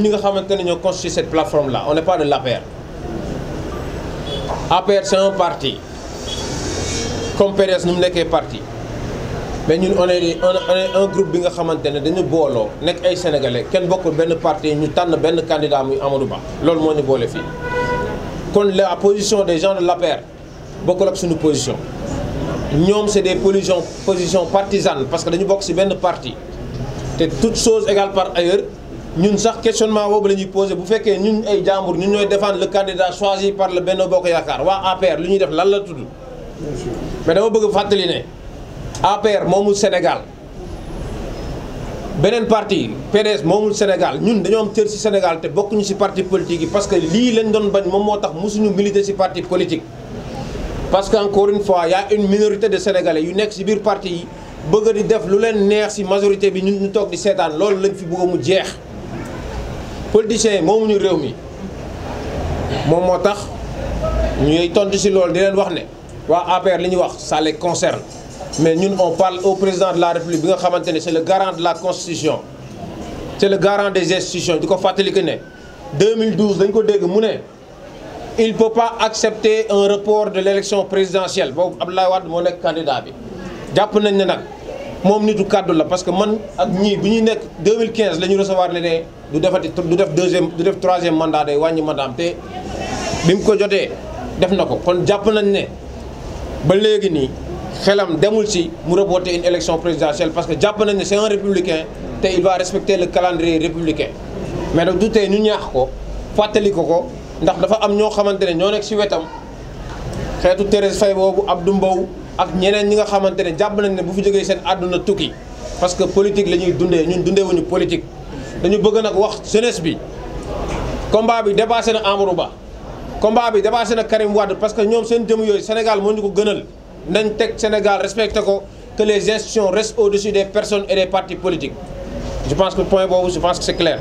ñi nga xamante ne ñoo constitué cette plateforme là on n'est pas de l'APR APR c'est un parti comme PDS ni mu nekkee parti mais ñun on est un groupe bi nga xamante ne dañu booloo nekk ay sénégalais kenn bokk benn parti ñu tànn benn candidat muy Amadou Ba loolu moo ñu boole fii kon la position des gens de l'APR bokkul ak suñu position ñoom c'est des positions positions partisanes parce que dañu bokk ci benn parti te tout chose égale par ailleurs ñun sax questionnement boobu la ñuy posé bu fekkee ñun ay jàmbur ñu ñooy défendre le candidat choisi par le Benno Bokk Yaakaar waa APR lu ñuy def lan la tudd. mais dama bëgg fàttali ne APR moomul Sénégal beneen parti PDS moomul Sénégal ñun dañoo am cër ci Sénégal te bokkuñu ci parti politique yi parce que lii lañ doon bañ moom moo tax mosuñu militer ci parti politique. parce que encore une fois y a une minorité de sénégalais yu nekk ci biir parti yi di def lu leen neex ci majorité bi ñun ñu toog di seetaan loolu lañ fi bëgg mu jeex. politiciens yi moomuñu réew mi moom moo tax ñuy tontu ci lool di leen wax ne waa APR li ñu wax ça les concerne mais ñun on parle au président de la république bi nga xamante ne c'est le garant de la constitution c'est le garant des institutions di ko fàttali que ne 2012 dañ ko dégg mu ne il peut pas accepter un report de l'élection présidentielle boobu Abdoulaye Wade moo nekk candidat bi jàpp nañ ne nag moom nitu kàddu la parce que man ak ñii bu ñuy nekk 2015 la ñu recevoir ne ne du defati du def deuxième du def troisième mandat day wàññi mandaam te bi mu ko jotee def na ko kon jàpp nañ ne ba léegi nii xelam demul si mu reporter une élection présidentielle parce que jàpp nañ ne c'est un républicain te il va respecter le calendrier républicain mais nag du tey ñu ñaax ko fàttali ko ko ndax dafa am ñoo xamante ne ñoo nekk ci wetam xeetu Thérèse Faye boobu du Mbow ak ñeneen ñi nga xamante ne jàpp nañ ne bu fi jógee seen àdduna tukki parce que politique la ñuy dundee ñun dundeewuñu politique. dañu bëgg nag wax jeunesse bi combat bi dépassé na Amadou Ba combat bi dépassé na Karim Wade parce que ñoom seen jëm yooyu Sénégal moo ñu ko gënal nañ teg Sénégal respecté ko que les institutions restent au-dessus des personnes et des partis politiques je pense que point boobu je pense que c'est clair.